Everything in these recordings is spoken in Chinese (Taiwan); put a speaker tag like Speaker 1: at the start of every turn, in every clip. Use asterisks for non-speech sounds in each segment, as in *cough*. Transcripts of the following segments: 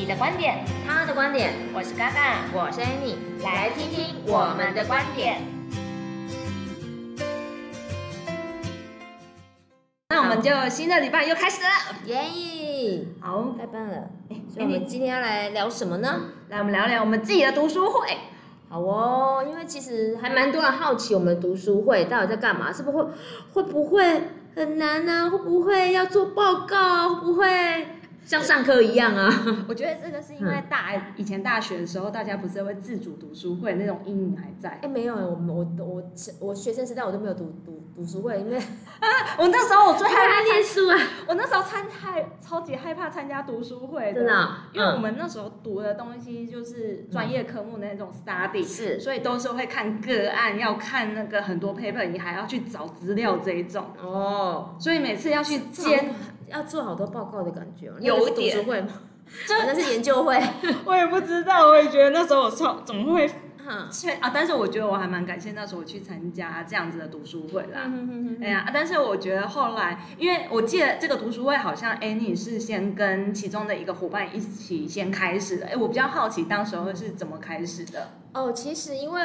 Speaker 1: 你的觀點，他的觀點，我是嘎嘎，我是安妮，來聽聽我們的觀點。好那我們就新的禮拜又開始了，耶意！好，我們拜拜了。哎、欸，所以我們今天要來聊什麼呢？欸嗯、來，我們聊聊我們自己的讀書會。嗯、好哦，因為其實還蠻多人好奇我們的讀書會到底在幹嘛，是不是會會不會很難呢、啊？會不會要做報告、啊？會不會？像上課一樣啊、嗯！我覺得這個是因為大、嗯、以前大學的時候，大家不是會自主讀書會，那種陰影還在。哎、欸，沒有，嗯、我我我，我，我學生時代我都沒有讀讀讀書會，因為啊，我那時候我最害怕，害怕念書啊，我那時候參太，超級害怕參加讀書會，真的，嗯、因為我們那時候讀的東西就是專業科目的那種 study，、嗯、是，所以都是會看個案，要看那個很多 paper，你還要去找資料這一種哦，所以每次要去兼。要做好多報告的感覺、啊、有一點讀書會嗎？可能這是研究會，我也不知道，我也覺得那時候我創怎麼會哈啊，但是我覺得我還蠻感謝那時候我去參加這樣子的讀書會啦。哎呀、嗯啊啊，但是我覺得後來，因為我記得這個讀書會好像 Annie、欸、是先跟其中的一個伙伴一起先開始的。哎、欸，我比較好奇當時候是怎麼開始的？哦，其實因為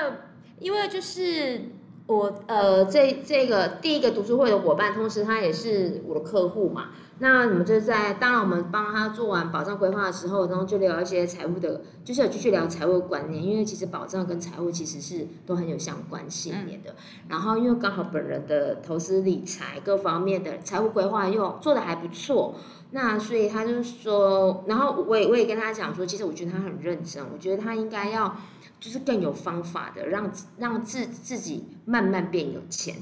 Speaker 1: 因為就是。我呃，這這個第一個讀書會的夥伴，同時他也是我的客戶嘛。那你們就在，當然我們幫他做完保障規劃的時候，然後就聊一些財務的，就是繼續聊財務的觀念，因為其實保障跟財務其實是都很有相關性的。然後因為剛好本人的投資理財各方面的財務規劃又做得還不錯，那所以他就說，然後我也我也跟他講說，其實我覺得他很認真，我覺得他應該要。就是更有方法的，讓讓自自己慢慢變有錢。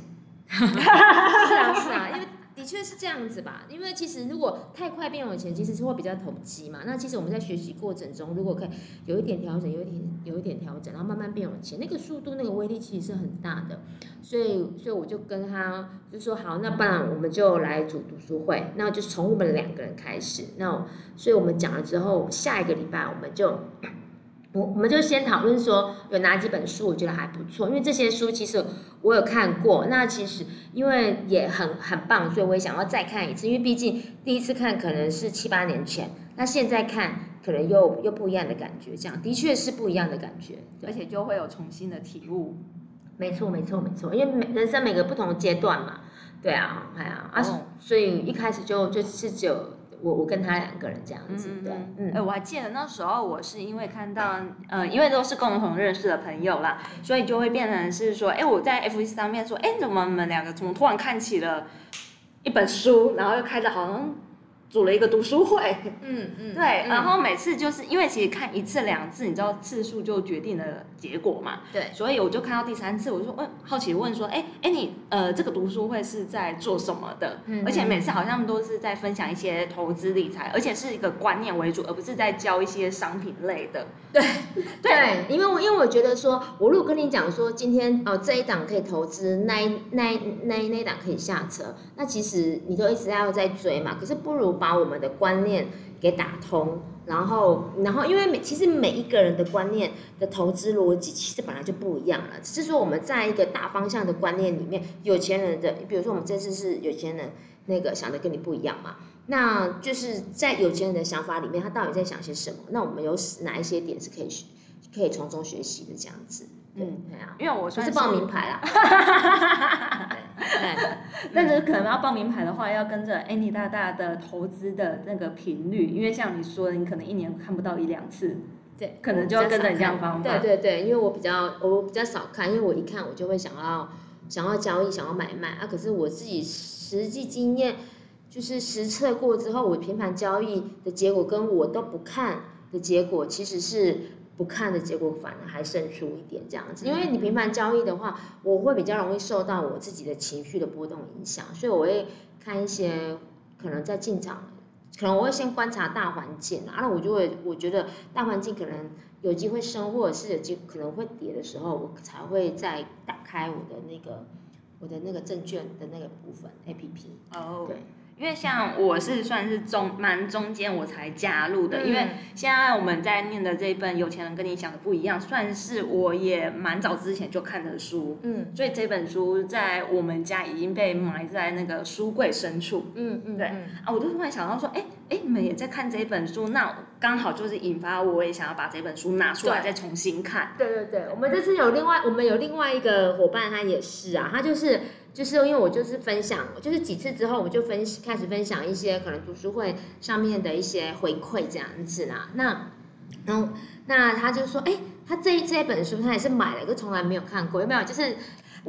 Speaker 1: *laughs* 是啊是啊，因為的確是這樣子吧。因為其實如果太快變有錢，其實是會比較投機嘛。那其實我們在學習過程中，如果可以有一點調整，有一點有一點調整，然後慢慢變有錢，那個速度、那個威力其實是很大的。所以，所以我就跟他就說好，那不然我們就來組讀書會，那就是從我們兩個人開始。那我所以我們講了之後，下一個禮拜我們就。我我們就先討論說有哪幾本書我覺得還不錯，因為這些書其實我有看過，那其實因為也很很棒，所以我也想要再看一次，因為畢竟第一次看可能是七八年前，那現在看可能又又不一樣的感覺，這樣的確是不一樣的感覺，而且就會有重新的體悟。沒錯，沒錯，沒錯，因為每人生每個不同階段嘛，對啊，哎呀、哦、啊，所以一開始就就是只有。我我跟他兩個人這樣子，對嗯。哎對、嗯欸，我還記得那時候，我是因為看到，對呃，因為都是共同認識的朋友啦，所以就會變成是說，哎、欸，我在 F B 上面說，哎、欸，怎麼你們兩個怎麼突然看起了一本書，然後又開始好像組了一個讀書會，嗯嗯， *laughs* 對，然後每次就是因為其實看一次兩次，你知道次數就決定了。結果嘛，對，所以我就看到第三次，我就問好奇問說，哎、欸、哎，欸，你呃，這個讀書會是在做什麼的？嗯，而且每次好像都是在分享一些投資理財，而且是一個觀念為主，而不是在教一些商品類的。對對，因為我因為我覺得說，我如果跟你講說，今天哦這一檔可以投資，那一那那一那一檔可以下車，那其實你都一直要在追嘛。可是不如把我們的觀念。給打通，然後，然後，因為每其實每一個人的觀念的投資邏輯，其實本來就不一樣了，只是說我們在一個大方向的觀念裡面，有錢人的，比如說我們這次是有錢人，那個想的跟你不一樣嘛，那就是在有錢人的想法裡面，他到底在想些什麼？那我們有哪一些點是可以，可以從中學習的這樣子。嗯，對啊，因為我算是，是報名牌啦。 *laughs* *laughs* 但是可能要報名牌的話，要跟着 Annie 大大的投資的那個頻率，因為像你說的，你可能一年看不到一兩次，對，可能就要跟着一樣方法。對對對，因為我比較我比較少看，因為我一看我就會想要想要交易，想要買賣啊。可是我自己實際經驗就是實測過之後，我頻繁交易的結果跟我都不看的結果其實是。不看的結果反而還勝出一點這樣子，因為你頻繁交易的話，我會比較容易受到我自己的情緒的波動影響，所以我會看一些可能在進場，可能我會先觀察大環境，啊，那我就會我覺得大環境可能有機會升或者是有機會可能會跌的時候，我才會再打開我的那個我的那個證券的那個部分 APP 哦對。因為像我是算是中蠻中間，我才加入的。嗯、因為現在我們在念的這一本《有錢人跟你想的不一樣》，算是我也蠻早之前就看的書，嗯，所以這本書在我們家已經被埋在那個書櫃深處，嗯嗯，嗯對嗯啊，我就突然想到說，哎哎，你們也在看這一本書，那剛好就是引發我也想要把這本書拿出來再重新看。對，對對對，我們這次有另外我們有另外一個夥伴，他也是啊，他就是。就是因為我就是分享，就是幾次之後我就分開始分享一些可能讀書會上面的一些回饋這樣子啦。那然後、嗯、那他就說，哎、欸，他這這一本書他也是買了，就從來沒有看過，有沒有？就是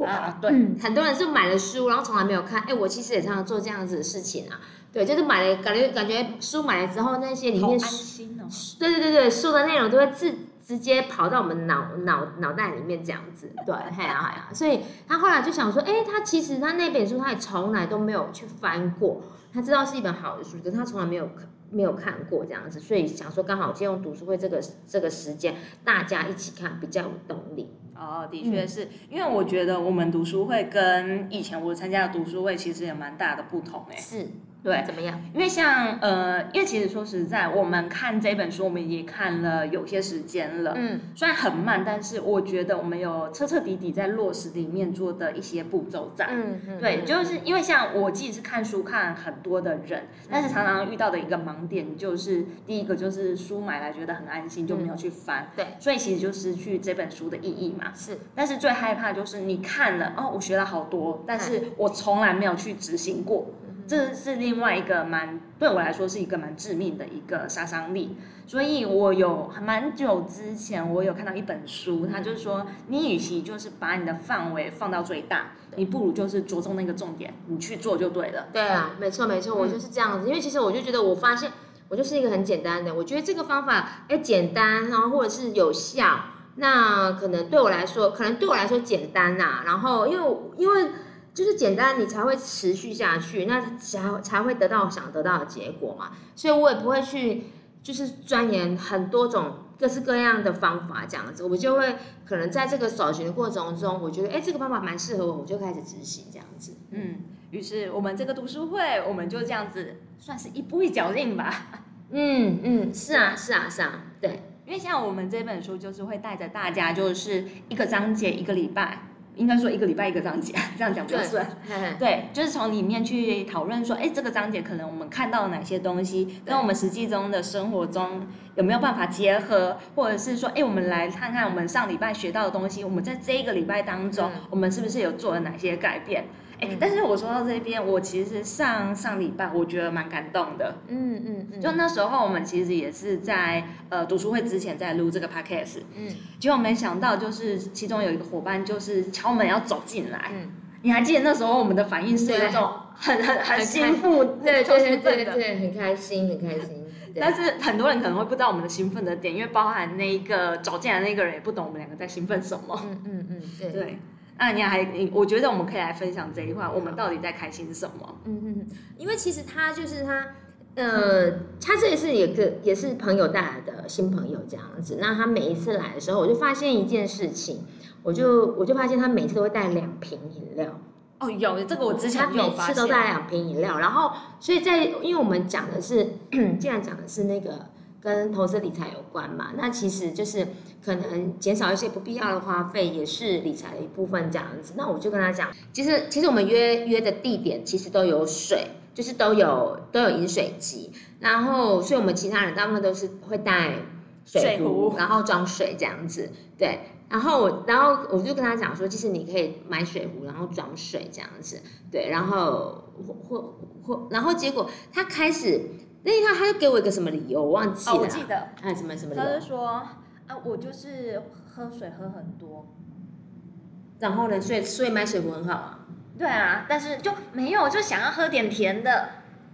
Speaker 1: 啊，對，嗯、很多人是買了書，然後從來沒有看。哎、欸，我其實也常常做這樣子的事情啊。對，就是買了，感覺感覺書買了之後那些裡面安心、哦、書對對對對，書的內容都會自。直接跑到我們腦腦腦袋裡面這樣子，對，哎呀哎呀，所以他後來就想說，哎，欸，他其實他那本書他也從來都沒有去翻過，他知道是一本好的書，可是他從來沒有沒有看過這樣子，所以想說剛好借用讀書會這個這個時間，大家一起看比較有動力。哦，的確是，嗯，因為我覺得我們讀書會跟以前我參加的讀書會其實也蠻大的不同，欸，哎，是。對，怎麼樣？因為像呃，因為其實說實在，我們看這本書，我們也看了有些時間了，嗯，雖然很慢，但是我覺得我們有徹徹底底在落實裡面做的一些步驟在、嗯，嗯對，就是因為像我，自己是看書看很多的人，但是常常遇到的一個盲點就是，第一個就是書買來覺得很安心，就沒有去翻，嗯、對，所以其實就是失去這本書的意義嘛，是。但是最害怕就是你看了，哦，我學了好多，但是我從來沒有去執行過。這是另外一個蠻對我來說是一個蠻致命的一個殺傷力，所以我有還蠻久之前我有看到一本書，它就是說，你與其就是把你的範圍放到最大，你不如就是着重那個重點，你去做就對了。對啊，嗯、沒錯沒錯，我就是這樣子。嗯、因為其實我就覺得，我發現我就是一個很簡單的，我覺得這個方法哎簡單，然後或者是有效，那可能對我來說，可能對我來說簡單啦、啊，然後因為因為。就是簡單，你才會持續下去，那才才會得到想得到的結果嘛。所以我也不會去，就是鑽研很多種各式各樣的方法這樣子。我就會可能在這個搜尋的過程中，我覺得哎，這個方法蠻適合我，我就開始執行這樣子。嗯，於是我們這個讀書會，我們就這樣子算是一步一腳印吧。嗯嗯，是啊是啊是啊，對，因為像我們這本書，就是會帶着大家，就是一個章節一個禮拜。應該說一個禮拜一個章節，這樣講不算。對，對，就是從裡面去討論說，哎、嗯，欸，這個章節可能我們看到了哪些東西，跟我們實際中的生活中有沒有辦法結合，或者是說，哎、欸，我們來看看我們上禮拜學到的東西，我們在這個禮拜當中，嗯、我們是不是有做了哪些改變。哎、欸，但是我說到這邊，嗯、我其實上上禮拜我覺得蠻感動的。嗯嗯嗯。嗯，就那時候我們其實也是在呃讀書會之前在錄這個 Podcast。嗯。結果沒想到就是其中有一個夥伴就是敲門要走進來。嗯。你還記得那時候我們的反應是那種很對很很，很對興奮？對對對對對，很開心很開心。但是很多人可能會不知道我們的興奮的點，因為包含那一個走進來的那個人也不懂我們兩個在興奮什麼。嗯嗯嗯，對。對啊，那你還，我覺得我們可以來分享這一話，我們到底在開心什麼？嗯嗯、嗯，因為其實他就是他，呃，嗯、他這也是也個也是朋友帶來的新朋友這樣子。那他每一次來的時候，我就發現一件事情，嗯、我就我就發現他每次都會帶兩瓶飲料。哦，有這個我之前有發現，他每次都帶兩瓶飲料，嗯、然後所以在因為我們講的是，嗯、既然講的是那個。跟投資理財有關嘛？那其實就是可能減少一些不必要的花費，也是理財的一部分這樣子。那我就跟他講，其實其實我們約約的地點其實都有水，就是都有都有飲水機，然後所以我們其他人大部分都是會帶水壺，水壺然後裝水這樣子。對，然後我然後我就跟他講說，其實你可以買水壺，然後裝水這樣子。對，然後或或或，然後結果他開始。那一，他他就給我一個什麼理由，我忘記了啊。哦，我記得。哎，啊，什麼什麼理由？他就說啊，我就是喝水喝很多，然後呢，所以所以買水果很好啊。對啊，但是就沒有，就想要喝點甜的。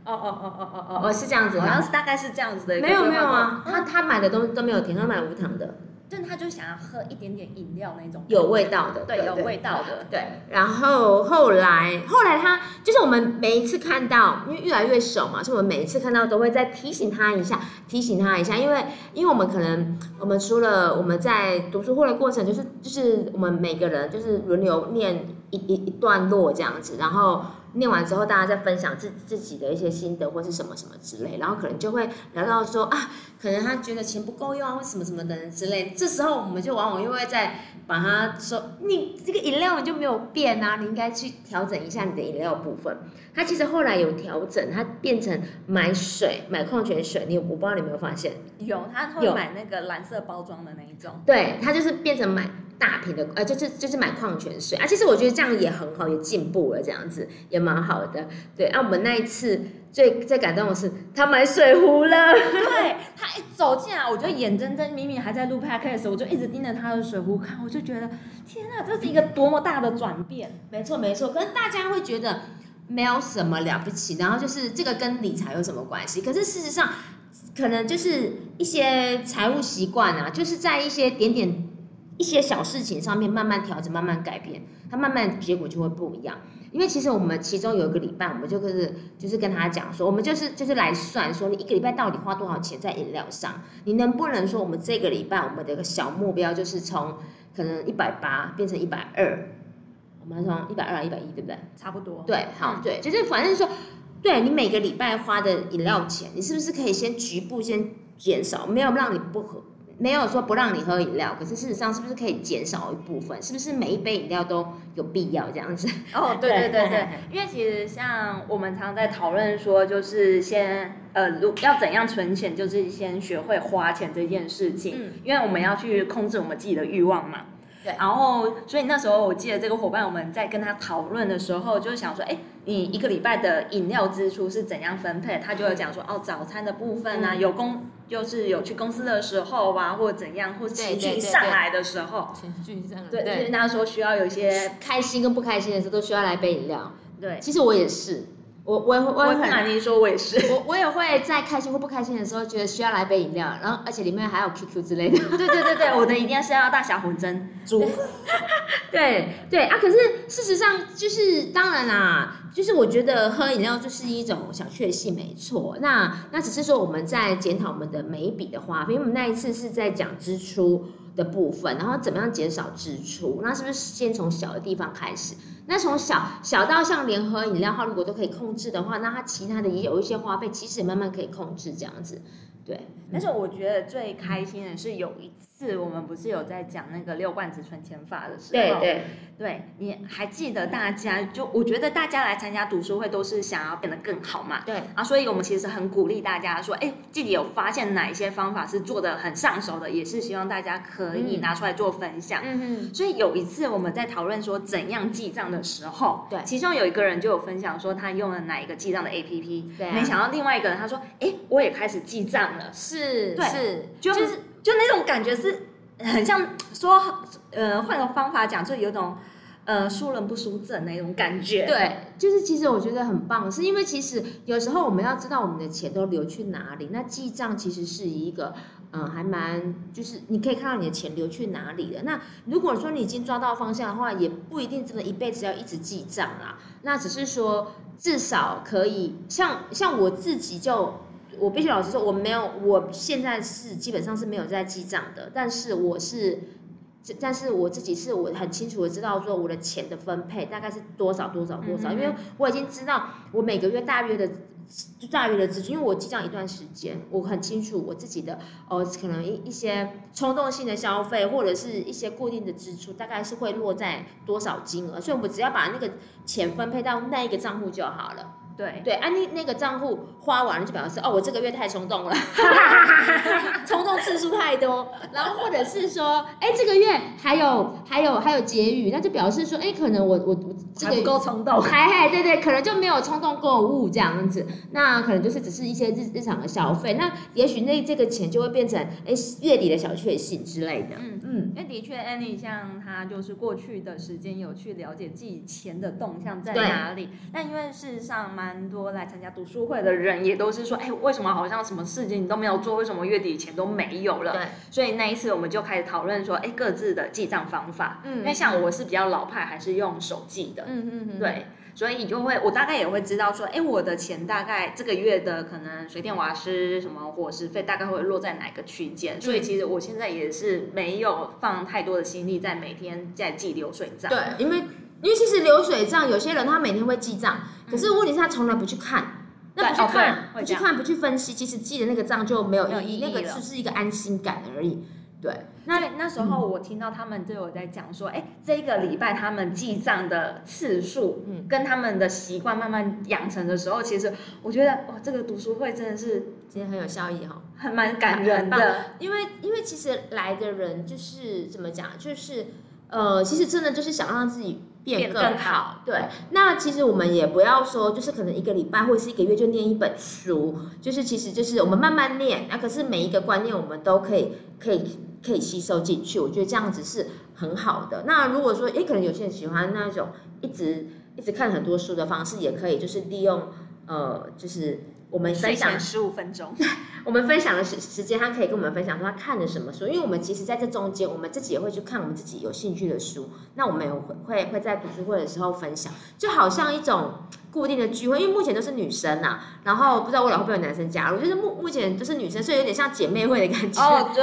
Speaker 1: 哦哦哦哦哦哦哦，是這樣子。然後是大概是這樣子的一個的，沒有沒有啊，他他買的東西都沒有甜，他買無糖的。但他就想要喝一點點飲料那種有味道的，對，對對有味道的，對。然後後來後來他就是我們每一次看到，因為越來越熟嘛，所以我們每一次看到都會再提醒他一下，提醒他一下，因為因為我們可能我們除了我們在讀書會的過程，就是就是我們每個人就是輪流念一一一段落這樣子，然後。念完之後，大家再分享自自己的一些心得或是什麼什麼之類，然後可能就會聊到說啊，可能他覺得錢不夠用啊，或什麼什麼的之類的。這時候，我們就往往又會再把他說：“你這個飲料你就沒有變啊，你應該去調整一下你的飲料的部分。”他其實後來有調整，他變成買水，買礦泉水。你我不知道你有沒有發現？有，他會買那個藍色包裝的那一種。對，他就是變成買大瓶的，呃，就是就是買礦泉水啊。其實我覺得這樣也很好，也進步了，這樣子也蠻好的。對，啊我們那一次最最感動的是他買水壺了。對，他一走進來，我就眼睜睜，明明還在錄 Podcast，我就一直盯着他的水壺看，我就覺得天哪，這是一個多麼大的轉變！沒錯沒錯，可是大家會覺得。沒有什麼了不起，然後就是這個跟理財有什麼關係？可是事實上，可能就是一些財務習慣啊，就是在一些點點一些小事情上面慢慢調整、慢慢改變，它慢慢結果就會不一樣。因為其實我們其中有一個禮拜，我們就就是就是跟他講說，我們就是就是來算說，你一個禮拜到底花多少錢在飲料上？你能不能說，我們這個禮拜我們的一個小目標就是從可能一百八變成一百二？我們說一百二一百一，不 120, 110, 對不對？差不多。對，嗯、好，對，就是反正說，對你每個禮拜花的飲料錢，你是不是可以先局部先減少？沒有讓你不喝，沒有說不讓你喝飲料，可是事實上是不是可以減少一部分？是不是每一杯飲料都有必要這樣子？哦，對對對對，嗯、因為其實像我們常常在討論說，就是先呃，要怎樣存錢，就是先學會花錢這件事情，嗯，因為我們要去控制我們自己的慾望嘛。對，然後所以那時候我記得這個夥伴，我們在跟他討論的時候，就是想說，哎，你一個禮拜的飲料支出是怎樣分配？他就會講說，哦，早餐的部分啊，有公，就是有去公司的時候啊，或者怎樣，或情緒上來的時候，情緒上來，對，對，就是、那時候需要有一些開心跟不開心的時候，都需要來杯飲料。對，其實我也是。我我我跟 Annie 說，我也是。我我也會在開心或不開心的時候，覺得需要來杯飲料，然後而且裡面還有 QQ 之類的。對對對對， *laughs* 我的一定要是要大小紅珍珠。 *laughs* *laughs* 對對啊，可是事實上就是當然啦，就是我覺得喝飲料就是一種小確幸，沒錯。那那只是說我們在檢討我們的每一筆的花費，因為我們那一次是在講支出，的部分，然後怎麼樣減少支出？那是不是先從小的地方開始？那從小小到像聯合飲料話，如果都可以控制的話，那它其他的也有一些花費，其實也慢慢可以控制這樣子，對。但是我覺得最開心的是有一次我們不是有在講那個六罐子存錢法的時候，對對對，你還記得大家，就我覺得大家來參加讀書會都是想要變得更好嘛，對啊，所以我們其實很鼓勵大家說，哎、欸，自己有發現哪一些方法是做的很上手的，也是希望大家可以拿出來做分享。嗯嗯。所以有一次我們在討論說怎樣記賬的時候，對，其中有一個人就有分享說他用了哪一個記賬的 APP，對、啊，沒想到另外一個人他說，哎、欸，我也開始記賬了，是。是，對，是就是就，就那種感覺是很像說，呃，換個方法講，就有種呃輸人不輸陣那種感覺。對，就是其實我覺得很棒，是因為其實有時候我們要知道我們的錢都流去哪裡。那記賬其實是一個，嗯，還蠻就是你可以看到你的錢流去哪裡的。那如果說你已經抓到方向的話，也不一定真的一輩子要一直記賬啦。那只是說至少可以，像像我自己就。我必須老實說，我沒有，我現在是基本上是沒有在記賬的，但是我是，但是我自己是我很清楚的知道，說我的錢的分配大概是多少多少多少，嗯嗯。因為我已經知道我每個月大約的就大約的支出，因為我記賬一段時間，我很清楚我自己的，呃、哦，可能一一些衝動性的消費或者是一些固定的支出，大概是會落在多少金額，所以，我們只要把那個錢分配到那一個賬戶就好了。對對，安妮、啊、那個賬戶花完了就表示哦，我這個月太衝動了， *laughs* *laughs* 衝動次數太多。然後或者是說，哎，這個月還有還有還有結餘，那就表示說，哎，可能我我，我這個月不夠衝動，還還對對，可能就沒有衝動購物這樣子。那可能就是只是一些日日常的消費。那也許那這個錢就會變成哎月底的小確幸之類的。嗯嗯，那、嗯、對的確，安妮像她就是過去的時間有去了解自己錢的動向在哪裡。那對因為事實上嘛。蠻多來參加讀書會的人，也都是說，哎，為什麼好像什麼事情你都沒有做？為什麼月底錢都沒有了？對，所以那一次我們就開始討論說，哎，各自的記賬方法。嗯，那像我是比較老派，還是用手記的。嗯嗯對，所以你就會，我大概也會知道說，哎，我的錢大概這個月的可能水電瓦斯什麼伙食費，大概會落在哪個區間？嗯，所以其實我現在也是沒有放太多的心力在每天在記流水賬。對，嗯，因為。因為其實流水賬，有些人他每天會記賬，嗯、可是問題是他從來不去看，那不去看，哦、不去看，不去看，不去分析，其實記的那個賬就沒有，個沒有意義，那個是是一個安心感而已。對，那那時候我聽到他們對我在講說，哎、嗯，這一個禮拜他們記賬的次數，嗯，跟他們的習慣慢慢養成的時候，嗯、其實我覺得哇、哦，這個讀書會真的是今天很有效益哈、哦，還蠻感人的。啊、因為因為其實來的人就是怎麼講，就是呃，其實真的就是想讓自己。變更好，更好對。那其實我們也不要說，就是可能一個禮拜或是一個月就念一本書，就是其實就是我們慢慢念。那、啊、可是每一個觀念我們都可以、可以、可以吸收進去，我覺得這樣子是很好的。那如果說，也、欸、可能有些人喜歡那種一直一直看很多書的方式，也可以，就是利用呃，就是我們分享。十五分鐘。我們分享的時時間，他可以跟我們分享說他看了什麼書，因為我們其實在這中間，我們自己也會去看我們自己有興趣的書。那我們也會會在讀書會的時候分享，就好像一種固定的聚會，因為目前都是女生啊，然後不知道未來會不會有男生加入，就是目目前都是女生，所以有點像姐妹會的感覺。哦，oh, 對，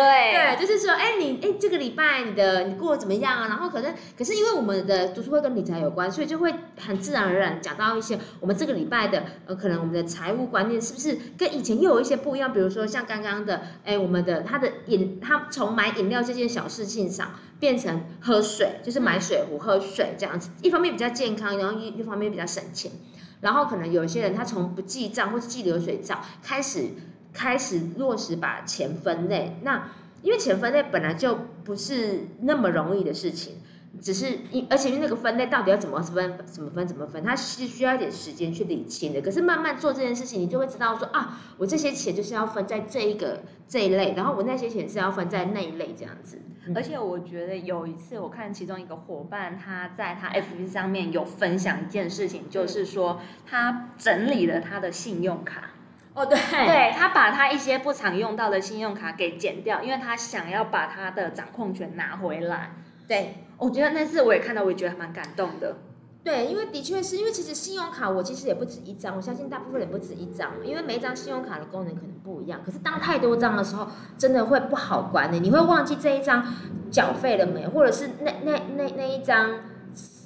Speaker 1: 對，就是說，哎，你哎，這個禮拜你的你過得怎麼樣啊？然後可能可是因為我們的讀書會跟理財有關，所以就會很自然而然講到一些我們這個禮拜的呃，可能我們的財務觀念是不是跟以前又有一些不一樣，比如。比如說像剛剛的，哎，我們的他的飲，他從買飲料這件小事情上變成喝水，就是買水壺喝水這樣子，一方面比較健康，然後一一方面比較省錢。然後可能有些人他從不記賬或是記流水賬開始，開始落實把錢分類。那因為錢分類本來就不是那麼容易的事情。只是，一，而且那個分類到底要怎麼分，怎麼分，怎麼分，它是需要一點時間去理清的。可是慢慢做這件事情，你就會知道說啊，我這些錢就是要分在這一個這一類，然後我那些錢是要分在那一類這樣子。嗯、而且我覺得有一次我看其中一個夥伴，他在他 FB 上面有分享一件事情，對就是說他整理了他的信用卡。哦，對，對，他把他一些不常用到的信用卡給剪掉，因為他想要把他的掌控權拿回來。對，我覺得那次我也看到，我也覺得蠻感動的。對，因為的確是因為其實信用卡我其實也不止一張，我相信大部分人也不止一張，因為每一張信用卡的功能可能不一樣。可是當太多張的時候，真的會不好管理。欸，你會忘記這一張繳費了沒，或者是那那那那一張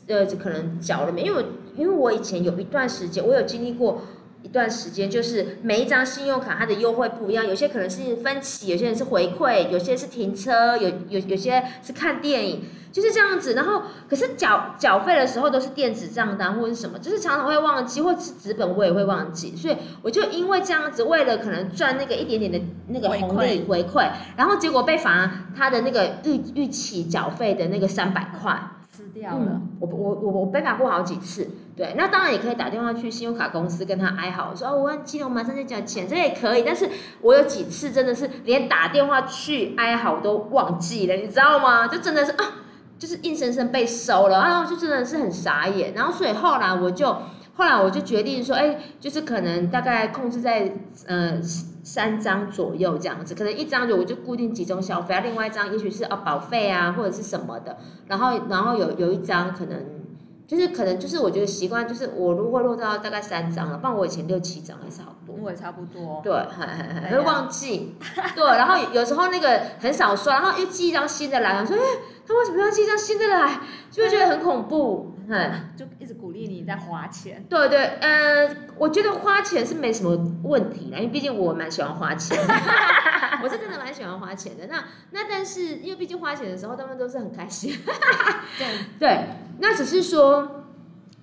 Speaker 1: 呃可能繳了沒？因為我因為我以前有一段時間，我有經歷過。一段時間，就是每一張信用卡它的優惠不一樣，有些可能是分期，有些人是回饋，有些是停車，有有有些是看電影，就是這樣子。然後，可是繳繳費的時候都是電子賬單或者是什麼，就是常常會忘記，或是紙本我也會忘記，所以我就因為這樣子，為了可能賺那個一點點的那個紅利回饋，回饋，然後結果被罰他的那個逾逾期繳費的那個三百塊。掉了、嗯，我我我我被打過好幾次，對，那當然也可以打電話去信用卡公司跟他哀嚎說啊、哦，我忘記我馬上就繳錢，這也可以。但是我有幾次真的是連打電話去哀嚎都忘記了，你知道嗎？就真的是啊，就是硬生生被收了啊，就真的是很傻眼。然後所以後來我就後來我就決定說，哎、嗯，就是可能大概控制在嗯。呃三張左右這樣子，可能一張就我就固定集中消費啊，另外一張也許是啊保費啊或者是什麼的，然後然後有有一張可能就是可能就是我覺得習慣就是我如果落到大概三張了，不然我以前六七張還是好多，我也差不多，對，會忘記， *laughs* 對，然後有時候那個很少刷，然後又寄一張新的來，我說。那為、哦、什麼要寄張新的來？就會，會覺得很恐怖，嗯嗯、就一直鼓勵你在花錢。對，對對，嗯，我覺得花錢是沒什麼問題的，因為畢竟我蠻喜歡花錢的， *laughs* 我是真的蠻喜歡花錢的。那那但是，因為畢竟花錢的時候，他們都是很開心。 *laughs* 這樣 對，那只是說，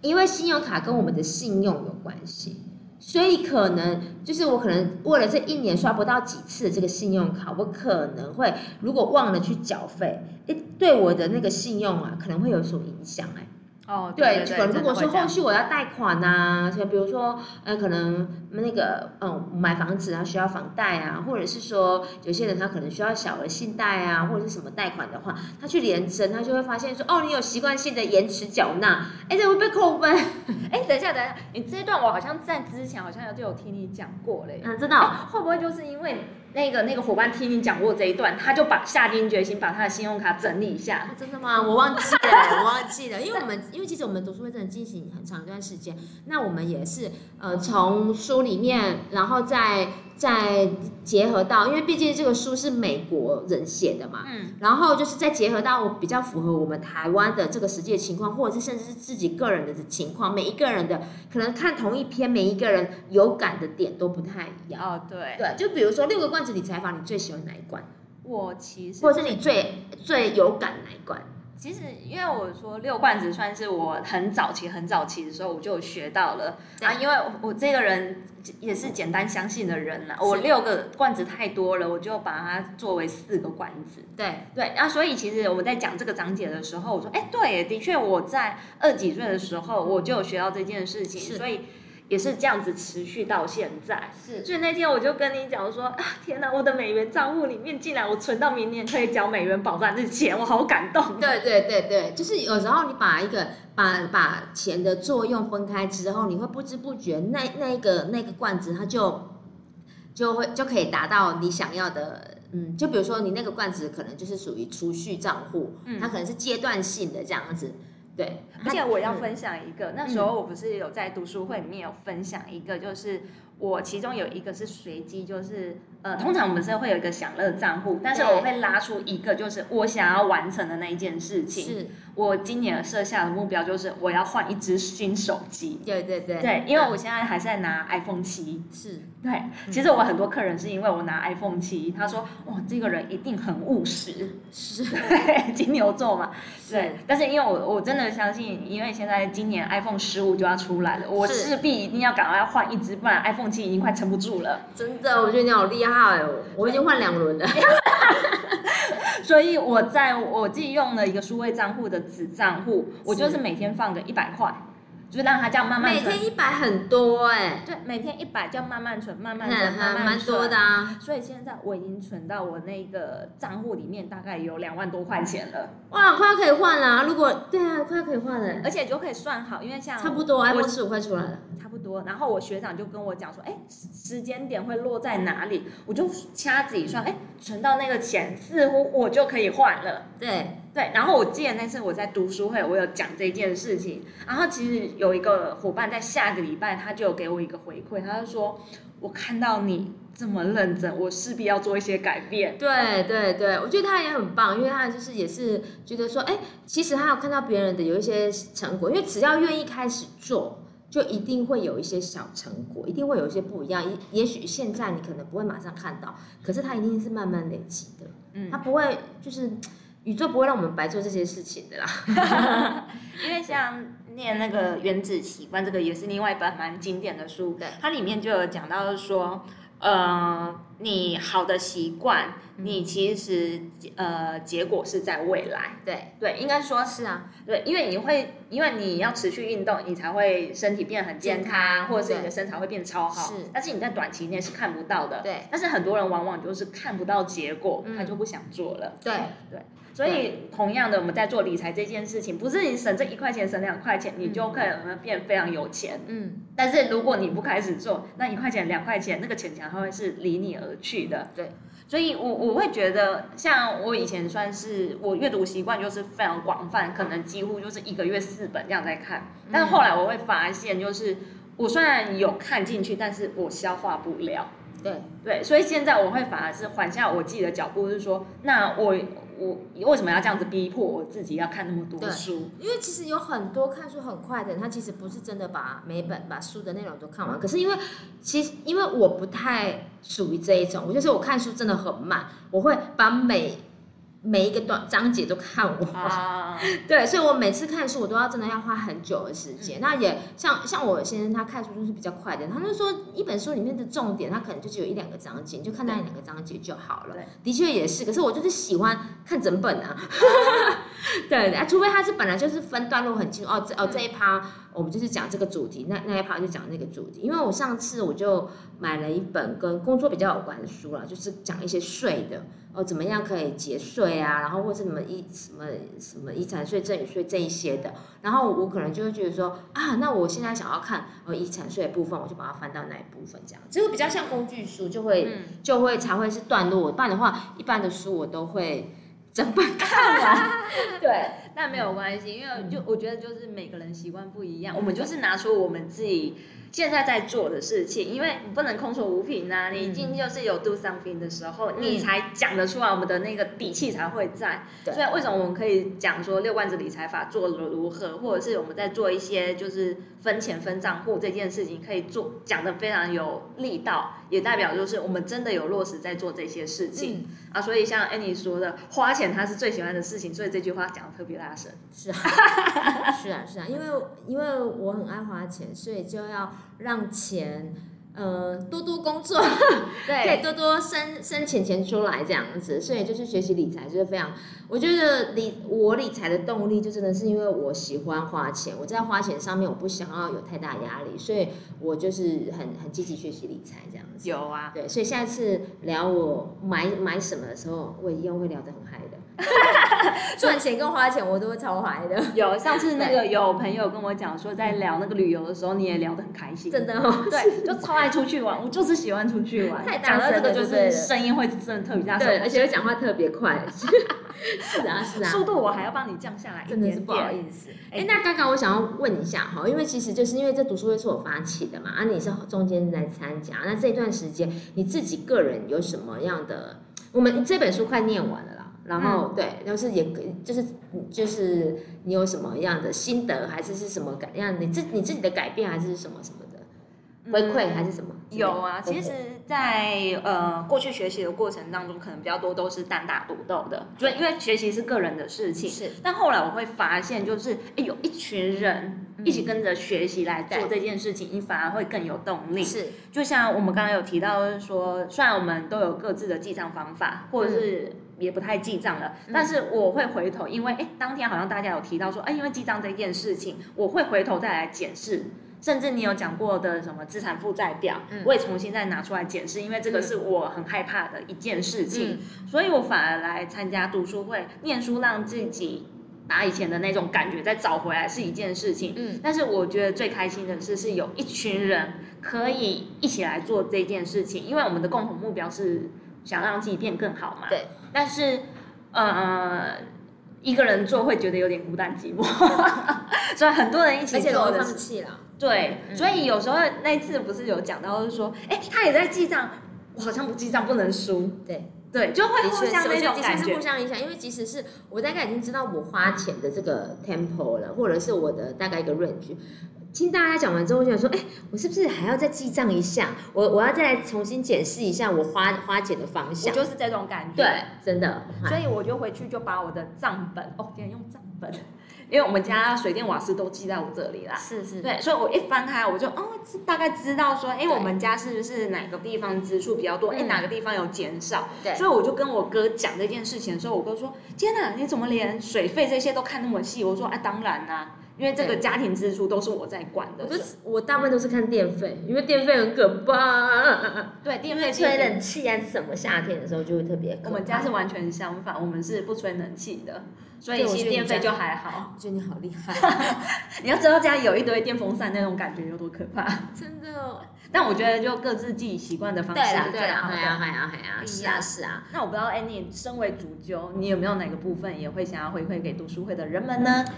Speaker 1: 因為信用卡跟我們的信用有關係。所以可能就是我可能為了這一年刷不到幾次這個信用卡，我可能會如果忘了去繳費，誒，對我的那個信用啊，可能會有所影響，欸，哎。哦，對，對，對，這對如果說後續我要貸款吶、啊，像比如說，呃，可能那個，嗯、哦，買房子啊需要房貸啊，或者是說有些人他可能需要小額信貸啊，或者是什麼貸款的話，他去聯徵，他就會發現說，哦，你有習慣性的延遲繳納，哎，這會被扣分。哎，等一下，等一下，你這一段我好像在之前好像有就有聽你講過嘞。嗯，真的，會不會就是因為？那個那個夥伴聽你講過這一段，他就把下定決心把他的信用卡整理一下。啊，真的嗎？我忘記了， *laughs* 我忘記了，因為我們 *laughs* 因為其實我們讀書會真的進行很長一段時間，那我們也是呃從書裡面，然後在。再結合到，因為畢竟這個書是美國人寫的嘛，嗯，然後就是再結合到比較符合我們台灣的這個實際的情況，或者是甚至是自己個人的情況，每一個人的可能看同一篇，每一個人有感的點都不太一樣。哦，對，對，就比如說六個罐子理財法，你最喜歡哪一罐？我其實，或者是你最最有感哪一罐？其實，因為我說六罐子，算是我很早期，很早期的時候我就有學到了對啊。因為我這個人也是簡單相信的人啦，啊，是我六個罐子太多了，我就把它作為四個罐子。對對啊，所以其實我在講這個講解的時候，我說哎，對，的確我在二幾歲的時候我就有學到這件事情，是所以。也是這樣子持續到現在，是。所以那天我就跟你講說啊，天哪，啊，我的美元賬戶裡面竟然，我存到明年可以繳美元保單的錢，我好感動，啊。對對對對，就是有時候你把一個把把錢的作用分開之後，你會不知不覺那那個那個罐子它就就會就可以達到你想要的，嗯，就比如說你那個罐子可能就是屬於儲蓄賬戶，嗯，它可能是階段性的這樣子。對，而且我要分享一個，是那時候我不是有在讀書會裡面有分享一個，嗯、就是我其中有一個是隨機，就是呃，通常我們是會有一個享樂賬戶，對但是我會拉出一個，就是我想要完成的那一件事情是。我今年設下的目標就是我要換一隻新手機。對對對，對。因為我現在還在拿 iPhone 七。是。對，其實我很多客人是因為我拿 iPhone 七，他說，哇，這個人一定很務實。是的對。金牛座嘛。對。但是因為我我真的相信，因為現在今年 iPhone 十五就要出來了，是我勢必一定要趕快要換一隻，不然 iPhone 七已經快撐不住了。真的，我覺得你好厲害哦、欸！我，對我已經換兩輪了。 *laughs* 所以，我在我自己用了一個數位賬戶的子賬戶，我就是每天放個一百塊。就讓他這樣慢慢存，每天一百很多哎、欸，對，每天一百這樣慢慢存，慢慢存，那啊、慢慢存，蠻多的啊。所以現在我已經存到我那個賬戶裡面大概有兩萬多塊錢了。哇，快要可以換了、啊，如果對啊，快要可以換了、欸，而且就可以算好，因為像差不多，我十五塊出來了、嗯。差不多，然後我學長就跟我講說，哎、欸，時間點會落在哪裡？我就掐指一算，哎、欸，存到那個錢，似乎我就可以換了。對。對，然後我記得那次我在讀書會，我有講這件事情。嗯，然後其實有一個夥伴在下個禮拜，他就有給我一個回饋，他就說：“我看到你這麼認真，我勢必要做一些改變。”對，然後，對對對，我覺得他也很棒，因為他就是也是覺得說：“哎，其實他有看到別人的有一些成果，因為只要願意開始做，就一定會有一些小成果，一定會有一些不一樣。也，也許現在你可能不會馬上看到，可是他一定是慢慢累積的。嗯，他不會就是。”宇宙不會讓我們白做這些事情的啦， *laughs* *laughs* *laughs* 因為像念那個《原子習慣》這個也是另外一本蠻經典的書對，它裡面就有講到說，嗯、呃。你好的習慣，嗯、你其實呃結果是在未來，對對，對應該說是啊，對，因為你會因為你要持續運動，你才會身體變得很健康，健康啊、或者是你的身材會變超好，對但是你在短期內是看不到的，對。但是很多人往往就是看不到結果，嗯、他就不想做了，對對。所以同樣的，我們在做理財這件事情，不是你省這一塊錢、省兩塊錢，你就可能變非常有錢，嗯，嗯。但是如果你不開始做，那一塊錢、兩塊錢，那個錢錢還會是離你而已去的對，所以我我會覺得，像我以前算是我閱讀習慣就是非常廣泛，可能幾乎就是一個月四本這樣在看，但是後來我會發現，就是我雖然有看進去，但是我消化不了。對對，所以現在我會反而是緩下我自己的腳步，就是說，那我。我為什麼要這樣子逼迫我自己要看那麼多書？因為其實有很多看書很快的人，他其實不是真的把每本把書的內容都看完。可是因為其實因為我不太屬於這一種，我就是我看書真的很慢，我會把每。每一個段章節都看完，啊、 *laughs* 對，所以我每次看書，我都要真的要花很久的時間。嗯、那也像像我先生，他看書就是比較快的，他就說一本書裡面的重點，他可能就只有一兩個章節，你就看那兩個章節就好了。對的確也是，可是我就是喜歡看整本啊。 *laughs* 對啊，除非他是本來就是分段落很清楚哦，這哦這一趴我們就是講這個主題，嗯、那那一趴就講那個主題。因為我上次我就買了一本跟工作比較有關的書啦，就是講一些稅的哦，怎麼樣可以節稅啊，然後或是什麼遺什麼什麼遺產稅、贈與稅這一些的。然後我可能就會覺得說啊，那我現在想要看呃遺產稅的部分，我就把它翻到那一部分這樣。這個比較像工具書，就會就會才會是段落。嗯、不然的話，一般的書我都會。整本看完， *laughs* 對，那沒有關係，因為就我覺得就是每個人習慣不一樣，我們就是拿出我們自己。現在在做的事情，因為你不能空手無憑啊，你已經就是有 do something 的時候，嗯、你才講得出來，我們的那個底氣才會在。對所以為什麼我們可以講說六罐子理財法做了如何，或者是我們在做一些就是分錢分賬戶這件事情，可以做講得非常有力道，也代表就是我們真的有落實在做這些事情，嗯、啊。所以像 Annie 說的，花錢他是最喜歡的事情，所以這句話講得特別大聲、啊。是啊，是啊，是啊，因為因為我很愛花錢，所以就要。讓錢，呃，多多工作，對，可以多多生生錢錢出來這樣子，所以就是學習理財就是非常，我覺得理我理財的動力就真的是因為我喜歡花錢，我在花錢上面我不想要有太大壓力，所以我就是很很積極學習理財這樣子。有啊，對，所以下一次聊我買買什麼的時候，我一定會聊得很嗨的。賺 *laughs* 錢跟花錢，我都會超嗨的。有上次那個有朋友跟我講說，在聊那個旅遊的時候，你也聊得很開心。真的、哦，是對，就超愛出去玩， *laughs* 我就是喜歡出去玩。太大了，這個就是聲音會真的特別大聲，對，而且會講話特別快 *laughs* 是、啊。是啊，是啊，速度我還要幫你降下來點點，真的是不好意思。哎、欸，那剛剛我想要問一下哈，因為其實就是因為這讀書會是我發起的嘛，啊，你是中間在參加，那這段時間你自己個人有什麼樣的？我們這本書快念完了啦，然後、嗯、對，就是也，就是就是你有什麼樣的心得，還是是什麼改，讓你自你自己的改變，還是什麼什麼？什麼的回饋還是什麼？嗯、吧有啊，其實在，在對呃過去學習的過程當中，可能比較多都是單打獨鬥的，對就因為學習是個人的事情。是。但後來我會發現，就是誒有一群人一起跟着學習來做、嗯、這件事情，你反而會更有動力。是。就像我們剛剛有提到說，雖然我們都有各自的記賬方法，或者是也不太記賬了，嗯、但是我會回頭，因為哎，當天好像大家有提到說，哎，因為記賬這件事情，我會回頭再來檢視。甚至你有講過的什麼資產負債表，嗯、我也重新再拿出來檢視，因為這個是我很害怕的一件事情，嗯嗯、所以我反而來參加讀書會，念書讓自己把以前的那種感覺再找回來是一件事情。嗯、但是我覺得最開心的是，是有一群人可以一起來做這件事情，因為我們的共同目標是想讓自己變更好嘛。對，但是，呃。一個人做會覺得有點孤單寂寞， *laughs* 所以很多人一起做，而且都放棄了。對，所以有時候那一次不是有講到，就是說，哎，他也在記賬，我好像不記賬不能輸。對對，就會互相那種感覺，互相影響。因為即使是我大概已經知道我花錢的這個 tempo 了，或者是我的大概一個 range。聽大家講完之後，我想說，哎，我是不是還要再記賬一下？我我要再來重新檢視一下我花花錢的方向。我就是這種感覺。對，真的。所以我就回去就把我的賬本，哦，今天用賬本， *laughs* 因為我們家水電瓦斯都記在我這裡啦。是是。對，所以我一翻開，我就哦，大概知道說，哎，對我們家是不是，是哪個地方支出比較多？哎、嗯，哪個地方有減少？對。所以我就跟我哥講這件事情的時候，我哥說：“天哪，你怎麼連水費這些都看那麼細？”我說：“啊，當然啦、啊。”因為這個家庭支出都是我在管的，對我是我大部分都是看電費，嗯、因為電費很可怕、啊。對，電費吹冷氣啊是什麼？夏天的時候就會特別可怕。我們家是完全相反，我們是不吹冷氣的，
Speaker 2: 所以其實電費就
Speaker 1: 還好。我覺，我覺得你好厲害， *laughs* 你要知道家裡有一堆電風扇那種感覺有多可怕。真的，但我覺得就各自自己習慣的方式的。對啊，對啊，對啊，對啊，對啊，是啊，是啊。那我不知道，安妮身為主揪，你有沒有哪個部分也會想要回饋給讀書會的人們呢？嗯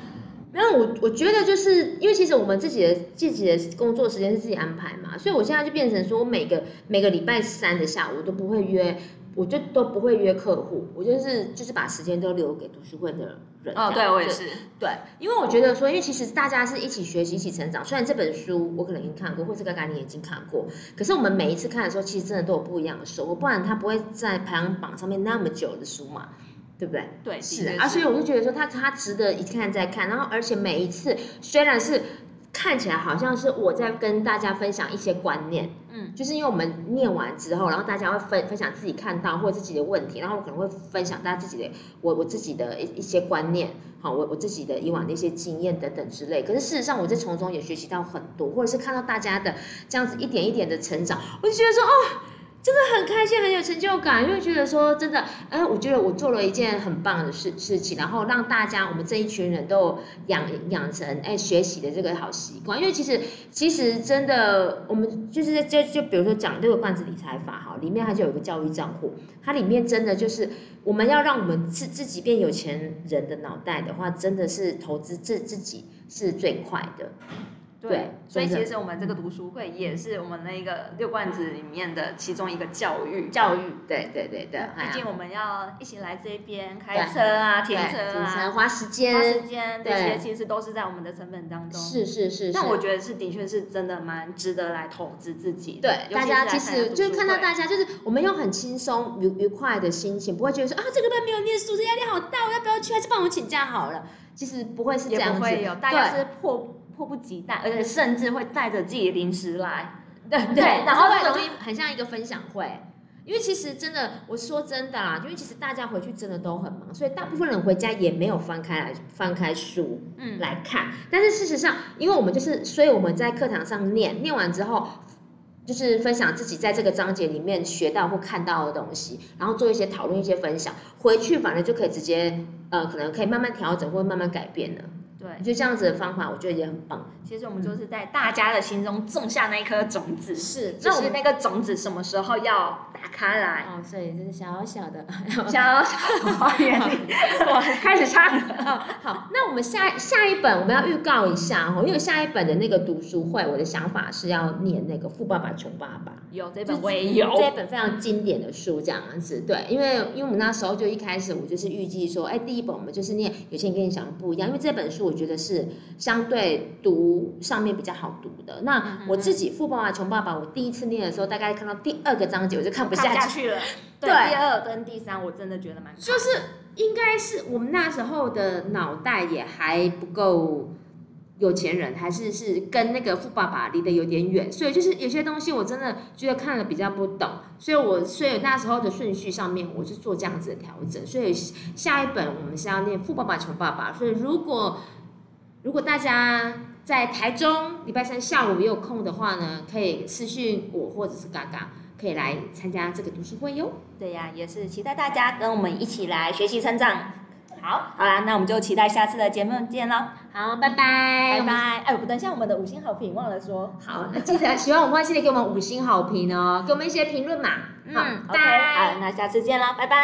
Speaker 1: 然後我我覺得就是因為其實我們自己的自己的工作時間是自己安排嘛，所以我現在就變成說，我每個每個禮拜三的下午我都不會約，我就都不會約客戶，我就是就是把時間都留給讀書會的人。哦，對就我也是，對，因為我覺得說，因為其實大家是一起學習一起成長，雖然這本書我可能已經看過，或者剛剛你已經看過，可是我們每一次看的時候，其實真的都有不一樣的收穫，不然它不會在排行榜上面那麼久的書嘛。對不對？對，是的。而所以我就覺得說，他他、嗯、值得一看再看。然後，而且每一次雖然是看起來好像是我在跟大家分享一些觀念，嗯，就是因為我們念完之後，然後大家會分分享自己看到或者自己的問題，然後我可能會分享大家自己的我我自己的一一些觀念，好、哦，我我自己的以往的一些經驗等等之類。可是事實上，我在從中也學習到很多，或者是看到大家的這樣子一點一點的成長，我就覺得說，哦。真的很開心，很有成就感，因為覺得說真的，哎，我覺得我做了一件很棒的事事情，然後讓大家我們這一群人都養養成哎學習的這個好習慣。因為其實其實真的，我們就是就就比如說講這個罐子理財法哈，裡面它就有一個教育賬戶，它裡面真的就是我們要讓我們自自己變有錢人的腦袋的話，真的是投資自自己是最快的。對，所以其實我們這個讀書會也是我們那一個六罐子裡面的其中一個教育教育，對對對對。畢竟我們要一起來這邊開車啊、停車啊、花時間、花時間，這些其實都是在我們的成本當中。是是是。那我覺得是，的確是真的蠻值得來投資自己。對，大家其實就是看到大家就是我們用很輕鬆愉愉快的心情，不會覺得說啊這個班沒有念書，這壓力好大，我要不要去？還是幫我請假好了。其實不會是這樣子，不會有，大家是破。迫不及待，而且甚至會帶着自己的零食來，對對，對然後會容易很像一個分享會。因為其實真的，我說真的啦，因為其實大家回去真的都很忙，所以大部分人回家也沒有翻開來翻開書來看。嗯，但是事實上，因為我們就是，所以我們在課堂上念念完之後，就是分享自己在這個章節裡面學到或看到的東西，然後做一些討論、一些分享，回去反正就可以直接，呃，可能可以慢慢調整或者慢慢改變了。對，就這樣子的方法，我覺得也很棒。其實我們就是在大家的心中種下那一顆種子，是就是那個種子什麼時候要打開來？哦，所以就是小小的小小的花園我開始唱。好，那我們下下一本我們要預告一下哦，因為下一本的那個讀書會，我的想法是要念那個《富爸爸窮爸爸》，有這本我也有這本非常經典的書這樣子。對，因為因為我們那時候就一開始，我就是預計說，哎，第一本我們就是念，有錢人跟你想的不一樣，因為這本書。我覺得是相對讀上面比較好讀的。那我自己《富爸爸窮爸爸》，我第一次念的時候，大概看到第二個章節，我就看不，看不下去了。對，對第二跟第三，我真的覺得蠻就是應該是我們那時候的腦袋也還不夠有錢人，還是是跟那個富爸爸離得有點遠，所以就是有些東西我真的覺得看了比較不懂，所以我所以那時候的順序上面我是做這樣子的調整。所以下一本我們是要念《富爸爸窮爸爸》，所以如果如果大家在台中禮拜三下午有空的話呢，可以私訊我或者是嘎嘎，可以來參加這個讀書會喲。對呀、啊，也是期待大家跟我們一起來學習成長。好，好啦，那我們就期待下次的節目見嘍。好，拜拜。拜拜。哎，等一下，我們的五星好評忘了說。好，那記得喜歡我們，記得給我們五星好評哦，給我們一些評論嘛。嗯、好，拜，拜 okay, 好。那下次見了，拜拜。